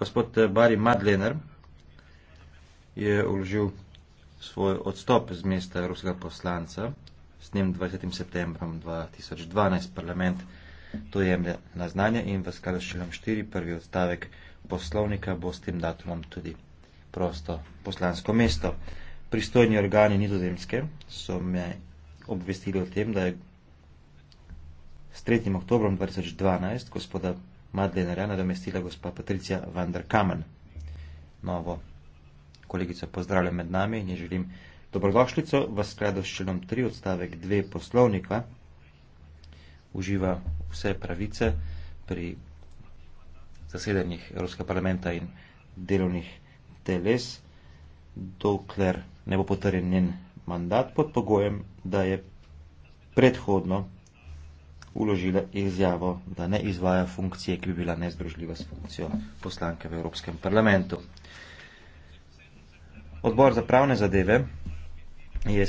Gospod eh, Bari Madlener je vložil svoj odstop z mesta ruskega poslanca s njim 20. septembrom 2012 parlament to jemlje na znanje in v skladu s členom 4 prvi odstavek poslovnika bo s tem datumom tudi prosto poslansko mesto. Pristojni organi nizozemske so me obvestili o tem, da je s 3. oktobrom 2012 gospoda Madlenarja nadomestila gospa Patricija Vanderkamen. Novo kolegico pozdravljam med nami in želim dobrodošlico v skladu s členom 3 odstavek 2 poslovnika. Uživa vse pravice pri zasedanjih Evropskega parlamenta in delovnih teles, dokler ne bo potrjen njen mandat pod pogojem, da je predhodno uložila izjavo, da ne izvaja funkcije, ki bi bila nezdružljiva s funkcijo poslanke v Evropskem parlamentu. Odbor za pravne zadeve je s